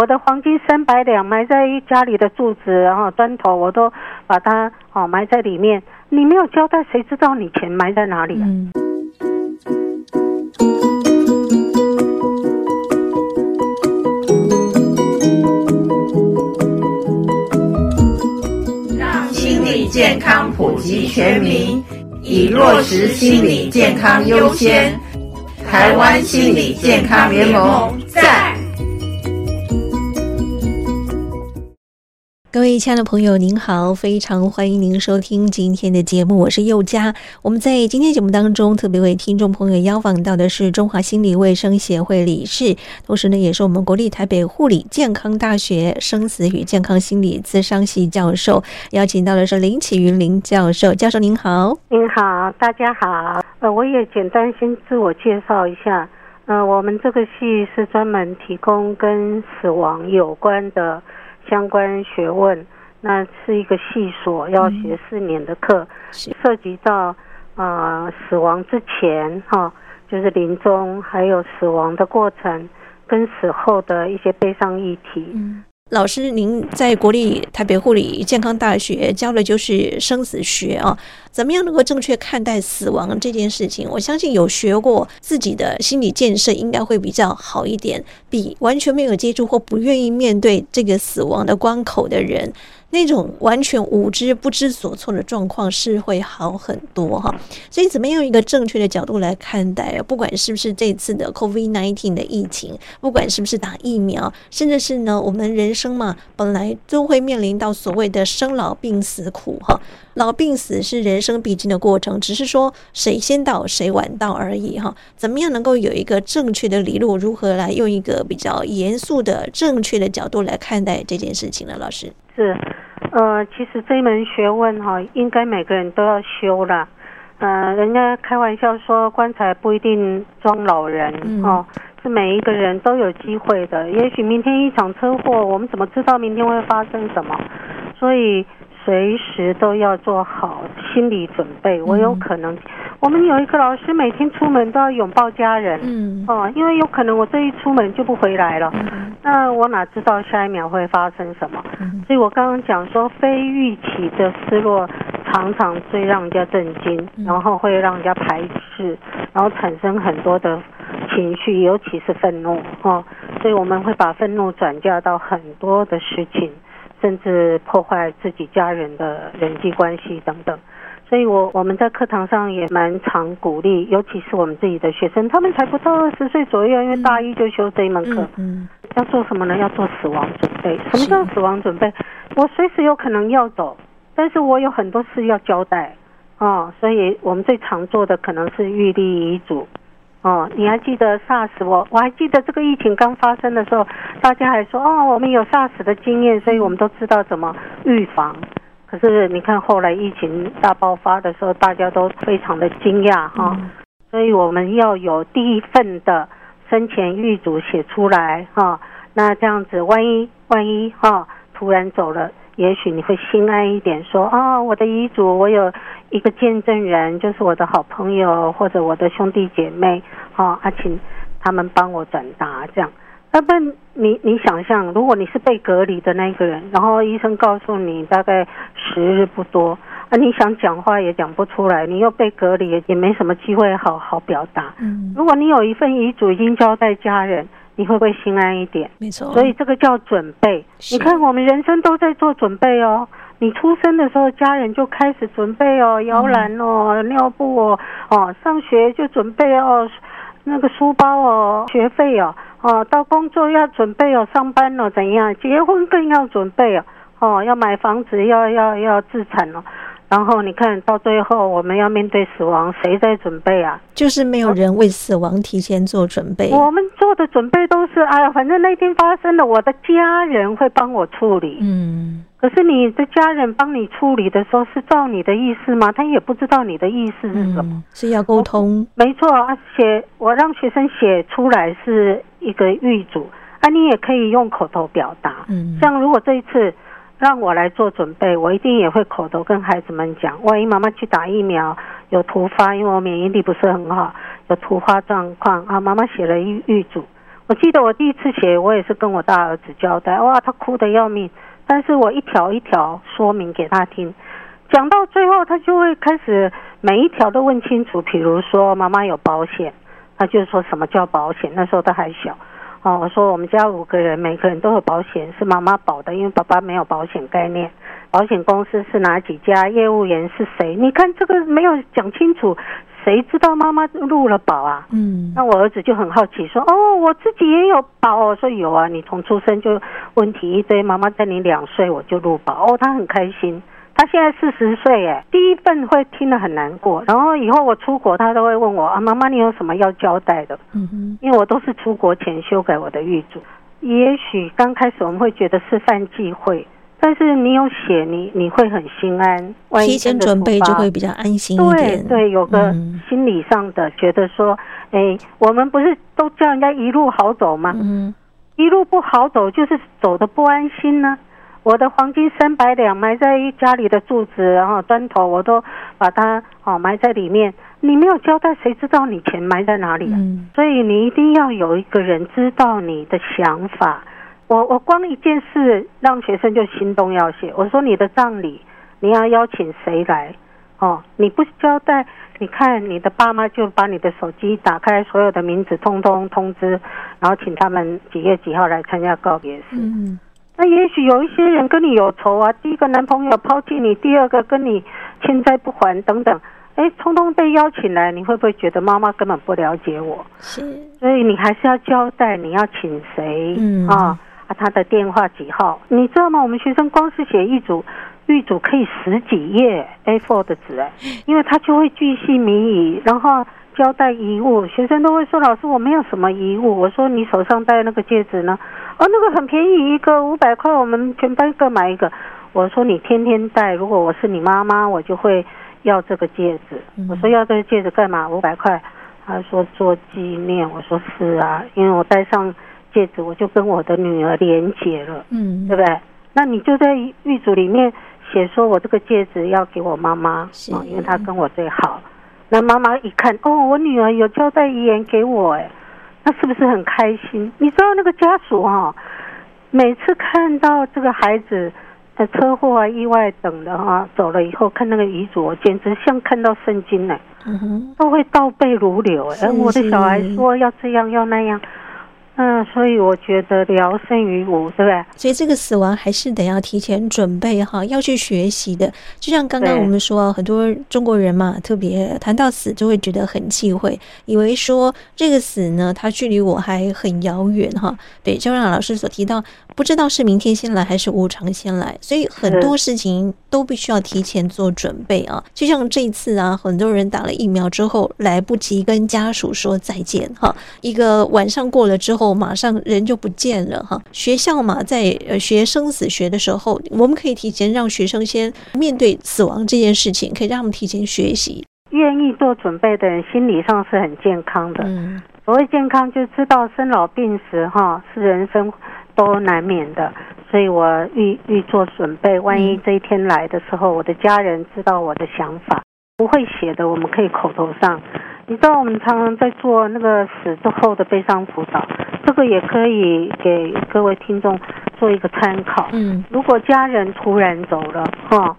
我的黃金三百兩埋在家裡的柱子，然後磚頭，我都把它哦埋在裡面。你沒有交代，誰知道你錢埋在哪裡？啊、嗯。讓心理健康普及全民，以落實心理健康優先。臺灣心理健康聯盟在。各位親愛的朋友，您好，非常歡迎您收聽今天的節目，我是宥佳。我們在今天節目當中特別為聽眾朋友邀訪到的是中華心理衛生協會理事，同時呢也是我們國立台北護理健康大學生死與健康心理諮商系教授。邀請到的是林綺雲林教授，教授您好，您好，大家好。呃，我也簡單先自我介紹一下，呃，我們這個系是專門提供跟死亡有關的相關學問，那是一個系所要學四年的課，嗯，涉及到呃死亡之前哈，就是臨終，還有死亡的過程，跟死後的一些悲傷議題。嗯老師，您在國立台北護理健康大學教的就是生死學啊，怎麼樣能夠正確看待死亡這件事情？我相信有學過自己的心理建設，應該會比較好一點，比完全沒有接觸或不願意面對這個死亡的關口的人。那種完全無知、不知所措的狀況是會好很多哈，所以怎麼樣用一個正確的角度來看待啊？不管是不是這次的 COVID nineteen 的疫情，不管是不是打疫苗，甚至是呢，我們人生嘛，本來都會面臨到所謂的生老病死苦哈。老病死是人生必經的過程，只是說誰先到誰晚到而已哈。怎麼樣能夠有一個正確的理路？如何來用一個比較嚴肅的、正確的角度來看待這件事情呢？老師？是，呃，其實這門學問哈，應該每個人都要修了。呃，人家開玩笑說，棺材不一定裝老人哈，嗯，哦，是每一個人都有機會的。也許明天一場車禍，我們怎麼知道明天會發生什麼？所以隨時都要做好心理準備。嗯，我有可能。我們有一個老師每天出門都要擁抱家人，嗯，哦，因為有可能我這一出門就不回來了，嗯，那我哪知道下一秒會發生什麼？嗯，所以我剛剛講說，非預期的失落常常最讓人家震驚，然後會讓人家排斥，然後產生很多的情緒，尤其是憤怒，哦，所以我們會把憤怒轉嫁到很多的事情，甚至破壞自己家人的人際關係等等。所以我，我我們在課堂上也蠻常鼓勵，尤其是我們自己的學生，他們才不到二十歲左右，因為大一就修這一門課，嗯嗯。嗯，要做什麼呢？要做死亡準備。什麼叫死亡準備？我隨時有可能要走，但是我有很多事要交代。啊、哦，所以我們最常做的可能是預立遺囑。哦，你還記得 SARS？我我還記得這個疫情剛發生的時候，大家還說哦，我們有 SARS 的經驗，所以我們都知道怎麼預防。可是你看，後來疫情大爆發的時候，大家都非常的驚訝哈、嗯哦，所以我們要有第一份的生前預囑寫出來哈、哦。那這樣子，萬一萬一哈、哦，突然走了，也許你會心安一點說，說、哦、啊，我的遺囑，我有一個見證人，就是我的好朋友或者我的兄弟姐妹、哦，啊，請他們幫我轉達這樣。那麼你你想象，如果你是被隔離的那個人，然後醫生告訴你大概時日不多啊，你想講話也講不出來，你又被隔離也，也沒什麼機會好好表達。嗯，如果你有一份遺囑已經交代家人，你會不會心安一點？沒錯哦，所以這個叫準備。你看，我們人生都在做準備哦。你出生的時候，家人就開始準備哦，搖籃哦，嗯，尿布哦，哦，上學就準備哦，那個書包哦，學費哦。哦，到工作要準備、哦，要上班了，怎樣？結婚更要準備哦，哦，要買房子，要要要置產了、哦。然後你看到最後，我們要面對死亡，誰在準備啊？就是沒有人為死亡提前做準備。啊，我們做的準備都是，哎，反正那天發生了我的家人會幫我處理。嗯。可是你的家人幫你處理的時候，是照你的意思嗎？他也不知道你的意思是什麼。嗯，是要溝通。啊，沒錯，而且我讓學生寫出來是一個預囑，啊，你也可以用口頭表達。嗯。像如果這一次。讓我來做準備，我一定也會口頭跟孩子們講。萬一媽媽去打疫苗有突發，因為我免疫力不是很好，有突發狀況啊。媽媽寫了預預囑，我記得我第一次寫，我也是跟我大兒子交代，哇，他哭得要命，但是我一條一條說明給他聽，講到最後他就會開始每一條都問清楚。比如說媽媽有保險，他就說什麼叫保險？那時候他還小。哦，我說我們家五個人，每個人都有保險，是媽媽保的，因為爸爸沒有保險概念。保險公司是哪幾家？業務員是誰？你看這個沒有講清楚，誰知道媽媽入了保啊？嗯，那我兒子就很好奇，說：“哦，我自己也有保。”哦，我說：“有啊，你從出生就問題一堆，媽媽在你兩歲我就入保。”哦，他很開心。他現在四十歲，耶，第一份會聽得很難過。然後以後我出國，他都會問我啊，媽媽，你有什麼要交代的？嗯，因為我都是出國前修改我的遺囑。也許剛開始我們會覺得是犯忌諱，但是你有寫，你你會很心安萬一。提前準備就會比較安心一點。對對，有個心理上的覺得說，嗯，哎，我們不是都叫人家一路好走嗎？嗯，一路不好走，就是走得不安心呢，啊。我的黃金三百兩埋在家裡的柱子，然後磚頭我都把它哦埋在裡面。你沒有交代，誰知道你錢埋在哪裡？嗯。所以你一定要有一個人知道你的想法。我我光一件事讓學生就心動要寫。我說你的葬禮你要邀請誰來？哦，你不交代，你看你的爸媽就把你的手機打開，所有的名字通通通通知，然後請他們幾月幾號來參加告別式。嗯那也許有一些人跟你有仇啊，第一個男朋友拋棄你，第二個跟你欠債不還等等，哎、欸，通通被邀請來，你會不會覺得媽媽根本不了解我？是，所以你還是要交代你要請誰、啊、嗯，啊，他的電話幾號？你知道嗎？我們學生光是寫一組，一組可以十幾頁 A4 的紙、欸，因為他就會巨細靡遺，然後交代遺物，學生都會說，老師我沒有什麼遺物，我說你手上戴那個戒指呢。哦，那個很便宜，一個五百塊，我們全班各買一個。我說你天天戴，如果我是你媽媽，我就會要這個戒指。嗯、我說要這個戒指幹嘛？五百塊。他說做紀念。我說是啊，因為我戴上戒指，我就跟我的女兒連結了，嗯，對不對？那你就在遺囑裡面寫，說我這個戒指要給我媽媽、哦，因為她跟我最好。那媽媽一看，哦，我女兒有交代遺言給我，哎。他是不是很開心？你知道那個家屬啊、哦，每次看到這個孩子的車禍啊、意外等的啊走了以後，看那個遺囑，簡直像看到聖經呢，都會倒背如流哎、欸。我的小孩說要這樣要那樣。嗯，所以我覺得聊勝於無，對吧？所以這個死亡還是得要提前準備哈，要去學習的。就像剛剛我們說，很多中國人嘛，特別談到死就會覺得很忌諱，以為說這個死呢，它距離我還很遙遠哈。對，就像老師所提到，不知道是明天先來還是無常先來，所以很多事情都必須要提前做準備啊。就像這一次啊，很多人打了疫苗之後，來不及跟家屬說再見哈，一個晚上過了之後。我馬上人就不見了哈！學校嘛，在學生死學的時候，我們可以提前讓學生先面對死亡這件事情，可以讓他們提前學習。願意做準備的人，心理上是很健康的。嗯，所謂健康，就是知道生老病死哈，是人生都難免的。所以我預預做準備，萬一這一天來的時候，嗯，我的家人知道我的想法，不會寫的，我們可以口頭上。你知道我們常常在做那個死之後的悲傷輔導，這個也可以給各位聽眾做一個參考。嗯，如果家人突然走了，哈、哦，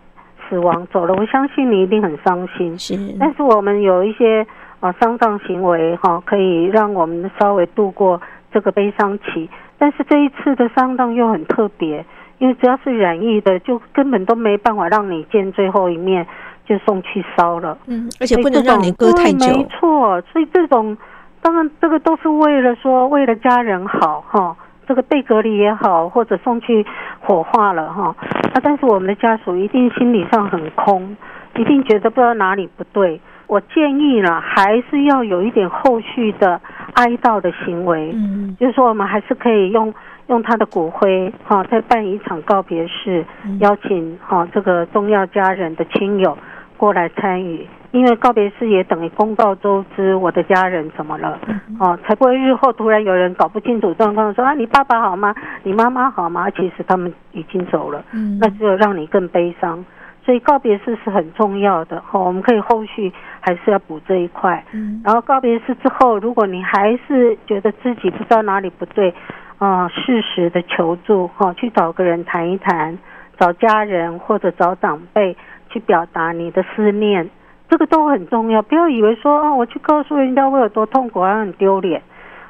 死亡走了，我相信你一定很傷心。是。但是我們有一些啊、呃、喪葬行為，哈、哦，可以讓我們稍微度過這個悲傷期。但是這一次的喪葬又很特別，因為只要是染疫的，就根本都沒辦法讓你見最後一面。就送去燒了，嗯，而且不能讓您擱太久，沒錯。所以這種，當然這個都是為了說，為了家人好哈，這個被隔離也好，或者送去火化了哈。那但是我們的家屬一定心理上很空，一定覺得不知道哪裡不對。我建議呢，還是要有一點後續的哀悼的行為，嗯，就是說我們還是可以用用他的骨灰哈，再辦一場告別式，邀請哈這個重要家人的親友，過來參與，因為告別式也等於公告周知，我的家人怎麼了？嗯。哦，才不會日後突然有人搞不清楚狀況說，說啊，你爸爸好嗎？你媽媽好嗎？其實他們已經走了，嗯、那只有讓你更悲傷。所以告別式是很重要的。哈、哦，我們可以後續還是要補這一塊。嗯、然後告別式之後，如果你還是覺得自己不知道哪裡不對，啊、哦，適時的求助，哈、哦，去找個人談一談，找家人或者找長輩。去表達你的思念，這個都很重要。不要以為說哦，我去告訴人家我有多痛苦，我很丟臉。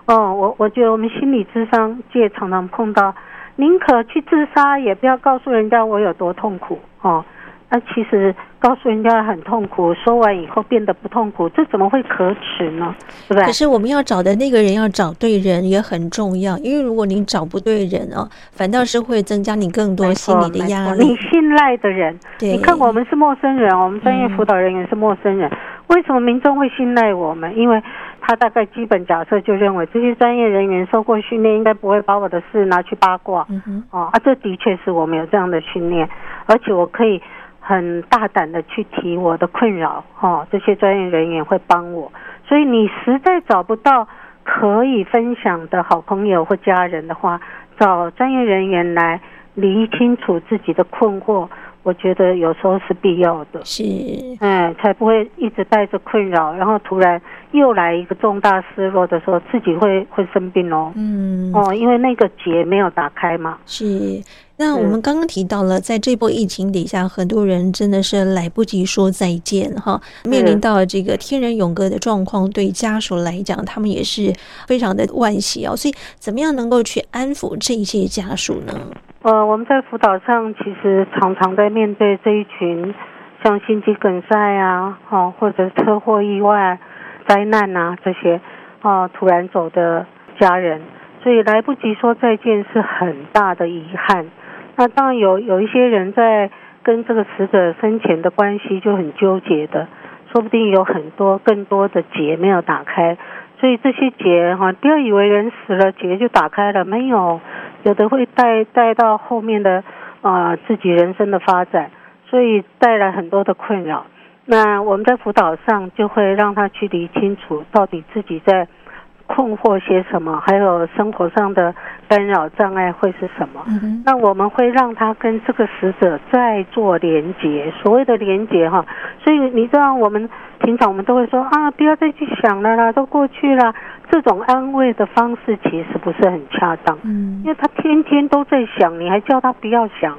哦，我我覺得我們心理諮商界常常碰到，寧可去自殺，也不要告訴人家我有多痛苦。哦，那其實。告訴人家很痛苦，說完以後變得不痛苦，這怎麼會可恥呢？是不是？可是我們要找的那個人，要找對人也很重要，因為如果你找不對人哦，反倒是會增加你更多心理的壓力。你信賴的人對，你看我們是陌生人，我們專業輔導人員是陌生人、嗯，為什麼民眾會信賴我們？因為他大概基本假設就認為這些專業人員受過訓練，應該不會把我的事拿去八卦。嗯哼，哦，啊，這的確是我們有這樣的訓練，而且我可以。很大膽的去提我的困擾，哈、哦，這些專業人員會幫我。所以你實在找不到可以分享的好朋友或家人的話，找專業人員來理清楚自己的困惑，我覺得有時候是必要的。是，嗯，才不會一直帶着困擾，然後突然。又來一個重大失落的時候，自己會會生病哦。嗯，哦，因為那個結沒有打開嘛。是。那我們剛剛提到了，在這波疫情底下，很多人真的是來不及說再見哈，面臨到這個天人永隔的狀況，對家屬來講，他們也是非常的惋惜哦。所以，怎麼樣能夠去安撫這一些家屬呢？呃，我們在輔導上其實常常在面對這一群，像心肌梗塞啊，哦，或者車禍意外。災難吶、啊，這些啊，突然走的家人，所以來不及說再見是很大的遺憾。那當然有有一些人在跟這個死者生前的關係就很糾結的，說不定有很多更多的結沒有打開。所以這些結哈、啊，不要以為人死了結就打開了，沒有，有的會帶帶到後面的啊自己人生的發展，所以帶來很多的困擾。那我們在輔導上就會讓他去理清楚，到底自己在困惑些什麼，還有生活上的干擾障礙會是什麼。Mm -hmm. 那我們會讓他跟這個死者再做連接。所謂的連接哈，所以你知道我們平常我們都會說啊，不要再去想了啦，都過去了。這種安慰的方式其實不是很恰當，mm -hmm. 因為他天天都在想，你還叫他不要想，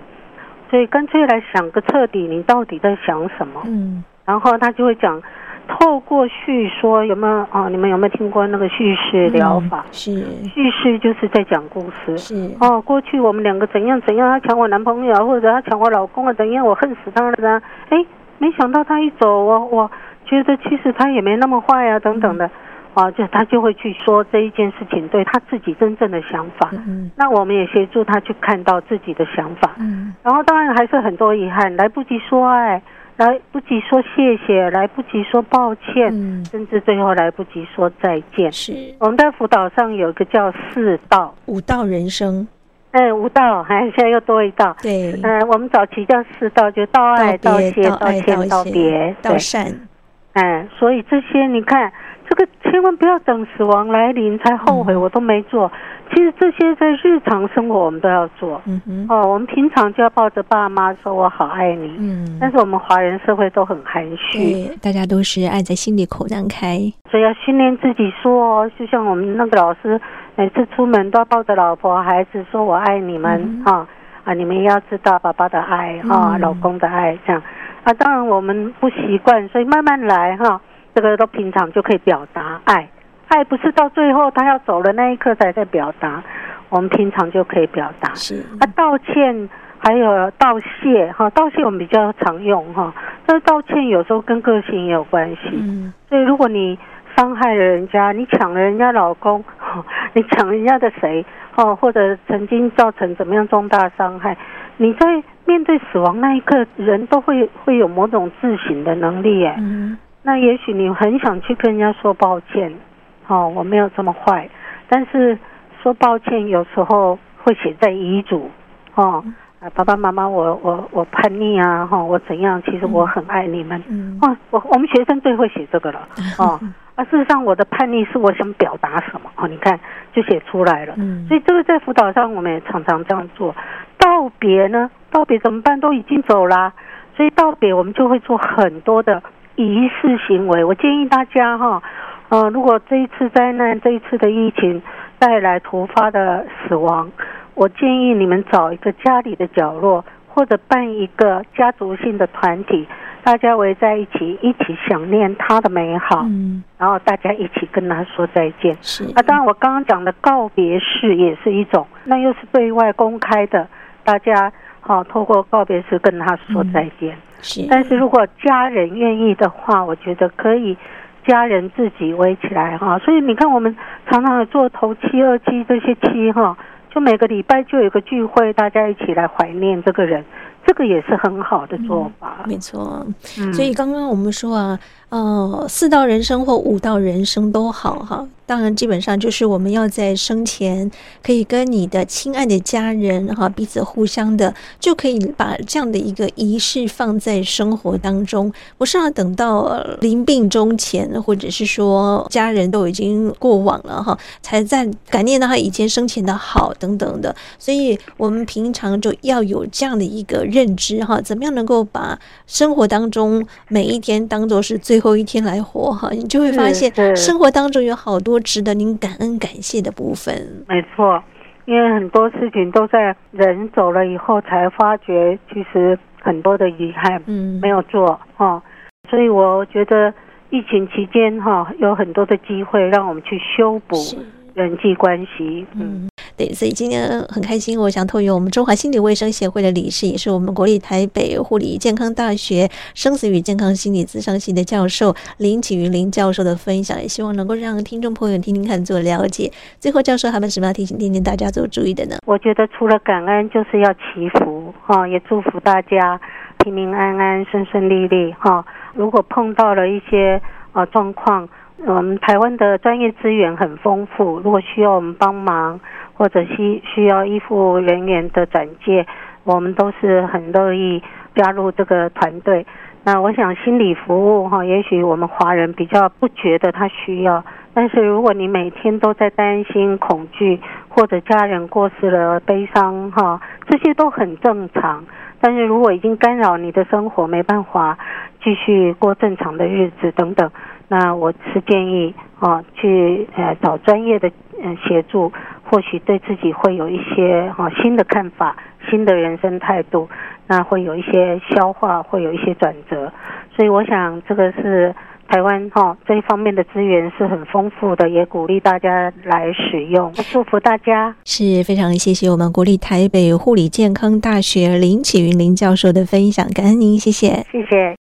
所以乾脆來想個徹底，你到底在想什麼？嗯、mm -hmm.。然後他就會講，透過敘說有沒有哦？你們有沒有聽過那個敘事療法？嗯、是敘事就是在講故事。是哦，過去我們兩個怎樣怎樣，他搶我男朋友，啊，或者他搶我老公啊，怎樣我恨死他了呢？哎，沒想到他一走，我我覺得其實他也沒那麼壞啊，等等的。哦、嗯啊，就他就會去說這一件事情對他自己真正的想法。嗯，那我們也協助他去看到自己的想法。嗯。然後當然還是很多遺憾，來不及說愛、哎。來不及說謝謝，來不及說抱歉，嗯、甚至最後來不及說再見。是。我們在輔導上有一個叫四道五道人生，嗯，五道，哎，現在又多一道。對，嗯，我們早期叫四道，就道愛道、道謝、道歉、道別、道善。哎、嗯，所以這些你看。這個千萬不要等死亡來臨才後悔，我都沒做。其實這些在日常生活我們都要做。嗯嗯。哦，我們平常就要抱着爸媽說“我好愛你”。嗯。但是我們華人社會都很含蓄，大家都是愛在心裡口難開。所以要訓練自己說，哦，就像我們那個老師，每次出門都要抱着老婆孩子說“我愛你們”，哦，啊啊！你們也要知道爸爸的愛啊、哦，老公的愛這樣啊。當然我們不習慣，所以慢慢來哈，哦。這個都平常就可以表達愛，愛不是到最後他要走了那一刻才在表達，我們平常就可以表達。是啊，道歉還有道謝哈，道謝我們比較常用哈。但是道歉有時候跟個性也有關係。嗯。所以如果你傷害了人家，你搶了人家老公，你搶人家的誰哦，或者曾經造成怎麼樣重大傷害，你在面對死亡那一刻，人都會會有某種自省的能力、欸。哎、嗯。那也許你很想去跟人家說抱歉，哦，我沒有這麼壞。但是說抱歉有時候會寫在遺囑，哦，爸爸媽媽，我我我叛逆啊，哈、哦，我怎樣？其實我很愛你們。嗯，嗯、哦、我我們學生最會寫這個了。哦、嗯啊，事實上我的叛逆是我想表達什麼？哦、你看就寫出來了、嗯。所以這個在輔導上我們也常常這樣做。道別呢？道別怎麼辦？都已經走了、啊，所以道別我們就會做很多的。儀式行為，我建議大家哈，呃，如果這一次災難，這一次的疫情帶來突發的死亡，我建議你們找一個家裡的角落，或者辦一個家族性的團體，大家圍在一起，一起想念他的美好，嗯，然後大家一起跟他說再見。是啊，當然我剛剛講的告別式也是一種，那又是對外公開的，大家。啊，透過告別式跟他說再見，嗯。但是如果家人願意的話，我覺得可以，家人自己圍起來哈。所以你看，我們常常有做頭七、二七這些七哈，就每個禮拜就有一個聚會，大家一起來懷念這個人。這個也是很好的做法。嗯，沒錯。所以剛剛我們說啊，呃，四道人生或五道人生都好哈。當然，基本上就是我們要在生前可以跟你的親愛的家人哈彼此互相的，就可以把這樣的一個儀式放在生活當中。不是要等到臨病終前，或者是說家人都已經過往了哈，才在感念到他以前生前的好等等的。所以，我們平常就要有這樣的一個認知哈，怎麼樣能夠把生活當中每一天當做是最後一天來活哈？你就會發現，生活當中有好多值得您感恩感謝的部分。沒錯，因為很多事情都在人走了以後才發覺，其實很多的遺憾嗯沒有做哈、嗯。所以我覺得疫情期間哈，有很多的機會讓我們去修補人際關係嗯。對，所以今天很開心，我想透過我們中華心理衛生協會的理事，也是我們國立台北護理健康大學生死與健康心理諮商系的教授林綺雲林教授的分享，也希望能夠讓聽眾朋友聽聽看做了解。最後，教授還有什麼要提醒、聽聽大家做注意的呢？我覺得除了感恩，就是要祈福哈，也祝福大家平平安安、順順利利哈。如果碰到了一些呃狀況，我們台灣的專業資源很豐富，如果需要我們幫忙。或者需需要醫護人員的轉介，我們都是很樂意加入這個團隊。那我想心理服務哈，也許我們華人比較不覺得他需要，但是如果你每天都在擔心、恐懼，或者家人過世了悲傷哈，這些都很正常。但是如果已經干擾你的生活，沒辦法繼續過正常的日子等等，那我是建議啊，去呃找專業的嗯協助。或許對自己會有一些哈新的看法，新的人生態度，那會有一些消化，會有一些轉折。所以，我想這個是台灣哈這一方面的資源是很豐富的，也鼓勵大家來使用。祝福大家！是非常謝謝我們國立台北護理健康大學林綺雲林教授的分享，感恩您，謝謝，謝謝。